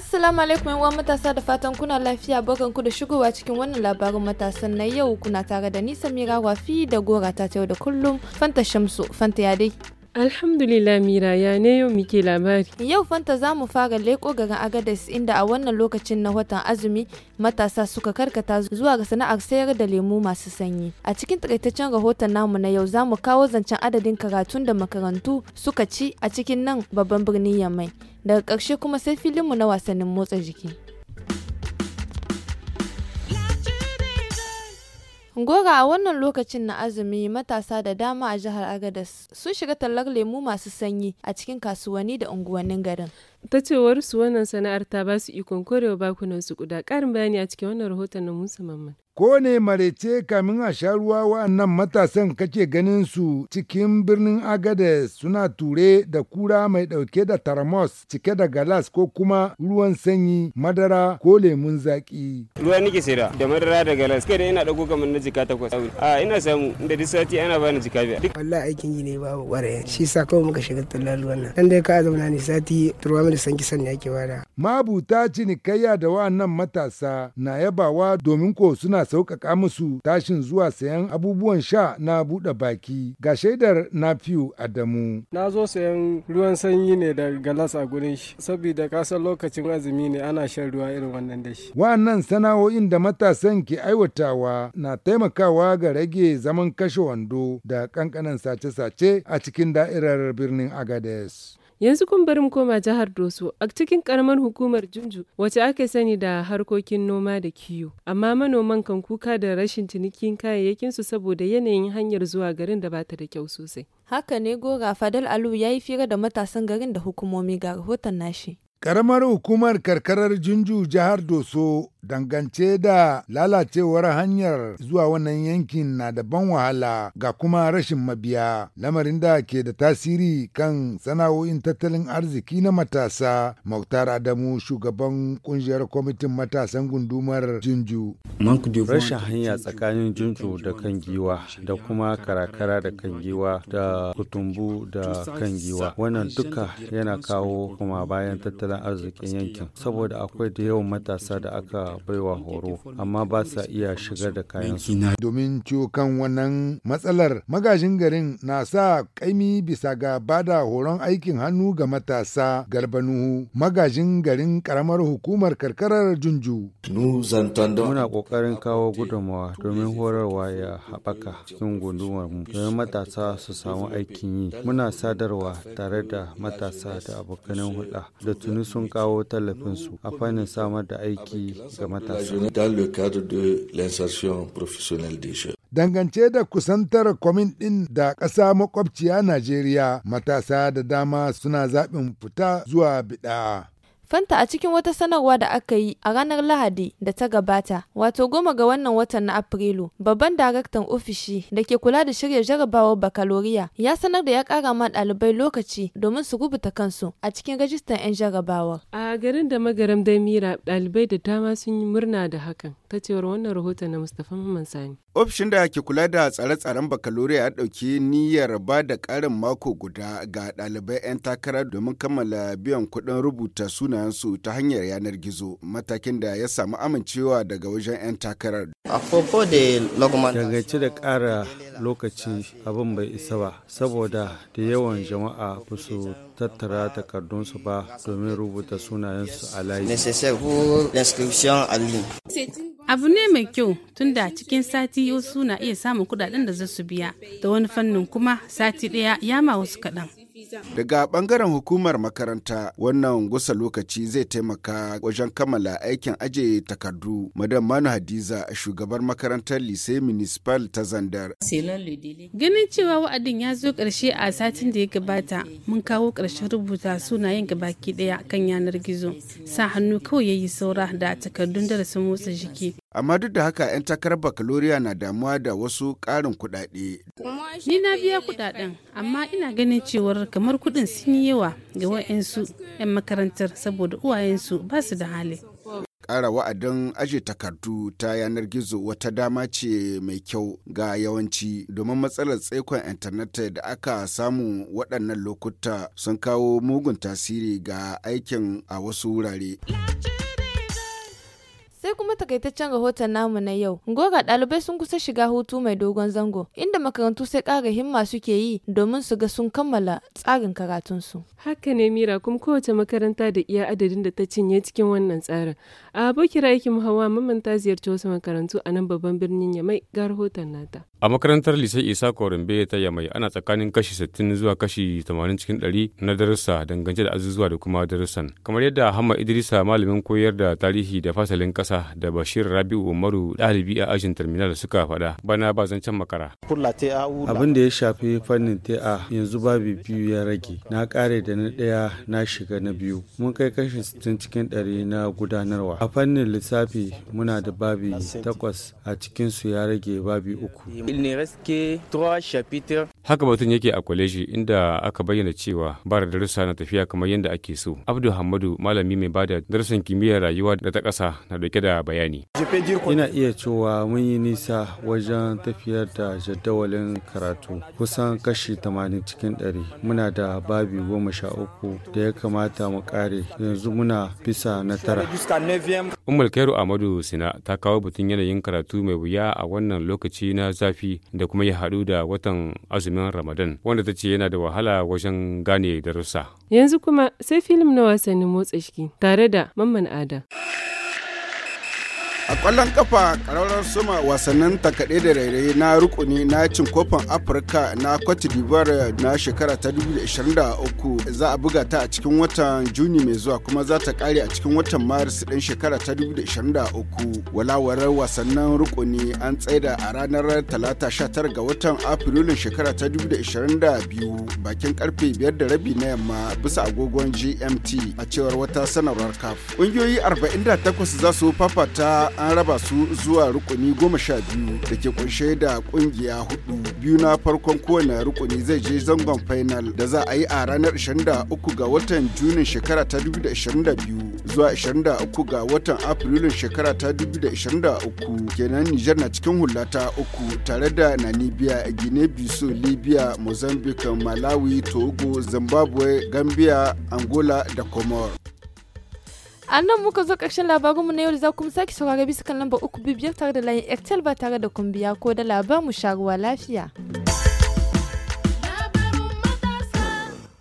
Assalamu alaikum wan matasa da fatan kuna lafiya barkan ku da shigowa cikin wannan labarin matasan na yau kuna tare da ni Samira Wafi da gora ta yau da kullum Fanta Shamsu Fanta ya dai Alhamdulillah Mira ya ne yau muke labari. Yau fanta za mu fara leko garin Agadez inda a wannan lokacin na watan azumi matasa suka karkata zuwa ga sana'ar sayar da lemu masu sanyi. A cikin takaitaccen rahoton namu na yau za mu kawo zancen adadin karatun da makarantu suka ci a cikin nan babban birnin Yamai. Daga ƙarshe kuma sai filinmu na wasannin motsa jiki. Gora a wannan lokacin na azumi matasa da dama a jihar agadas sun shiga tallar lemu masu sanyi a cikin kasuwanni da unguwannin garin. Ta cewar su wannan sana'ar ta ba su ikon korewa bakunan su guda. Karin bayani a cikin wannan rahoton na Musa Mamman. Ko ne marece kamin a sha ruwa wa'annan matasan kake ganin su cikin birnin Agades suna ture da kura mai dauke da taramos cike da galas ko kuma ruwan sanyi madara ko lemun zaki. Ruwa nake saida da madara da galas kai da ina ɗago kamar na jika takwas. A ina samu inda duk sati ana bani jika biyar. Wallahi aikin yi ne babu ware shi sa kawai muka shiga tallan ruwan nan. Dan dai ka zauna ne sati turwa mu da sanki san ne ake wada. Mabuta cinikayya da wa'annan matasa na yabawa domin ko suna sauƙaƙa musu tashin zuwa sayan abubuwan sha na buɗe baki ga shaidar nafiu adamu na zo sayan ruwan sanyi ne da galas a gurin shi saboda kasan lokacin azumi ne ana shan ruwa irin wannan da shi wa'annan sana'o'in da matasan ke aiwatawa na taimakawa ga rage zaman kashe wando da kankanan sace-sace a cikin da'irar birnin agades Yanzu kun bari mu koma jihar Doso a cikin karamar hukumar Junju wacce ake sani da harkokin noma da kiwo. Amma manoman kan kuka da rashin cinikin kayayyakin su saboda yanayin hanyar zuwa garin da bata da kyau sosai. Haka ne Gora Fadal Alu ya yi fira da matasan garin da hukumomi ga rahoton nashi. Karamar hukumar karkarar Junju jihar Doso dangance da lalacewar hanyar zuwa wannan yankin na da ban wahala ga kuma rashin mabiya lamarin da ke da tasiri kan sana'o'in tattalin arziki na matasa mautar adamu shugaban kungiyar kwamitin matasan gundumar jinju rashin hanya tsakanin jinju da kan giwa da kuma karakara da kan giwa da kutumbu da kan giwa wannan duka yana kawo kuma bayan tattalin arzikin yankin saboda akwai da yawan matasa da aka baiwa horo amma ba sa iya shigar da kayan su. Domin ciwo kan wannan matsalar magajin garin na sa kaimi bisa ga bada horon aikin hannu ga matasa garbanuhu magajin garin karamar hukumar karkarar junju. Muna kokarin kawo gudunmawa domin horarwa ya haɓaka cikin gundumar mu domin matasa su samu aikin yi. Muna sadarwa tare da matasa da abokanan hulɗa da tuni sun kawo su. a fannin samar da aiki ga matasa. Dangance da kusantar kwamin ɗin da ƙasa makwabciya Najeriya, matasa da dama suna zaɓin fita zuwa biɗa. Fanta a cikin wata sanarwa da aka yi a ranar Lahadi da ta gabata, wato goma ga wannan watan na Afrilu, babban daraktan ofishi da ke kula da shirya jarabawar bakaloriya ya sanar da ya kara ma ɗalibai lokaci domin su rubuta kansu a cikin rajistan 'yan jarabawar. A garin da magaram dai mira ɗalibai da dama sun yi murna da hakan. ta cewar wannan rahoton na Mustapha Muhammad Sani. Ofishin da ke kula da tsare-tsaren bakalore ya ɗauki niyyar ba da ƙarin mako guda ga ɗalibai 'yan takara domin kammala biyan kuɗin rubuta sunayensu ta hanyar yanar gizo matakin da ya samu amincewa daga wajen 'yan takarar. Dangance da ƙara lokaci abin bai isa ba saboda da yawan jama'a ba su tattara takardunsu ba domin rubuta sunayensu a layi. abu ne mai kyau tunda cikin sati wasu na iya samun kudaden da za su biya da wani fannin kuma sati ɗaya ya ma wasu kaɗan Daga ɓangaren hukumar makaranta wannan gusa lokaci zai taimaka wajen kammala aikin ajiye takardu. Madam Manu Hadiza shugabar makarantar Lise Municipal ta Zandar. Ganin cewa wa'adin ya zo ƙarshe a satin da ya gabata, mun kawo ƙarshen rubuta sunayen gabaki ɗaya kan yanar gizo. Sa hannu kawai ya yi saura da takardun darasin motsa jiki amma duk da haka 'yan takarar bakaloriya na damuwa da wasu ƙarin kuɗaɗe. ni na biya kuɗaɗen amma ina ganin cewar kamar kuɗin sun yi yawa ga wa'yansu 'yan makarantar saboda uwayensu ba su da hali ƙara wa'adin aje takardu ta yanar gizo wata dama ce mai kyau ga yawanci domin matsalar tsaikon intanet da aka samu waɗannan lokuta sun kawo mugun tasiri ga aikin a wasu wurare. Sai kuma takaitaccen rahoton namu na yau. Goga ɗalibai sun kusa shiga hutu mai dogon zango, inda makarantu sai ƙara himma suke yi domin su ga sun kammala tsarin karatunsu. Haka ne Mira kuma kowace makaranta da iya adadin da ta cinye cikin wannan tsarin. A abokin aikin Hawa mamanta ziyarci wasu makarantu a nan babban birnin Yamai ga rahoton nata. a makarantar lisan isa korumbe ta yamai ana tsakanin kashi 60 zuwa kashi 80 cikin 100 na darussa dangance da azuzuwa da kuma darussan kamar yadda hamma idrisa malamin koyar da tarihi da fasalin kasa da bashir rabiu umaru ɗalibi a ajin terminal suka faɗa bana ba zancen makara abin da ya shafi fannin ta yanzu babu biyu ya rage na kare da na daya na shiga na biyu mun kai kashi 60 cikin 100 na gudanarwa a fannin lissafi muna da babi takwas a cikinsu ya rage babi uku il ne reste que trois chapitres haka batun yake a kwaleji inda aka bayyana cewa ba da darussa na tafiya kamar yadda ake so abdu hamadu malami mai bada darussan kimiyyar rayuwa da ta kasa na dauke da bayani ina iya cewa mun yi nisa wajen tafiyar da jadawalin karatu kusan kashi 80 cikin 100 muna da babi goma sha uku da ya kamata mu kare yanzu muna bisa na tara umar kairu amadu sina ta kawo batun yanayin karatu mai wuya a wannan lokaci na zafi zafi da kuma ya haɗu da watan azumin Ramadan wanda ta ce yana da wahala wajen gane darussa. Yanzu kuma sai filim na wasannin motsa jiki tare da Mamman Ada. a kwallon kafa ƙararrar suma wasannin takaɗe da rairaye na rukuni na cin kofin afirka na cote d'ivoire na shekara ta 2023 za a buga ta a cikin watan juni mai zuwa kuma za ta ƙare a cikin watan maris ɗin shekara ta 2023 walawar wasannin rukuni an tsaida a ranar talata 19 ga watan afrilun shekara ta 2022 bakin karfe 5 da rabi na yamma bisa agogon gmt a cewar wata sanarwar kaf ƙungiyoyi 48 za su fafata an raba su zuwa rukuni goma sha biyu da ke kunshe da kungiya hudu biyu na farkon kowane rukuni zai je zangon final da za a yi a ranar 23 ga watan junin shekara ta 2022 zuwa 23 ga watan afrilun shekara ta 2023 kenan nijar na cikin hula ta uku tare da namibia guinea bissau libya mozambique malawi togo zimbabwe gambia angola da comor a nan muka zo ƙarshen labarinmu na yau da za ku sake saurara bisa kan lamba uku bibiyar tare da layin airtel ba tare da kumbiya ko da labar mu sha ruwa lafiya.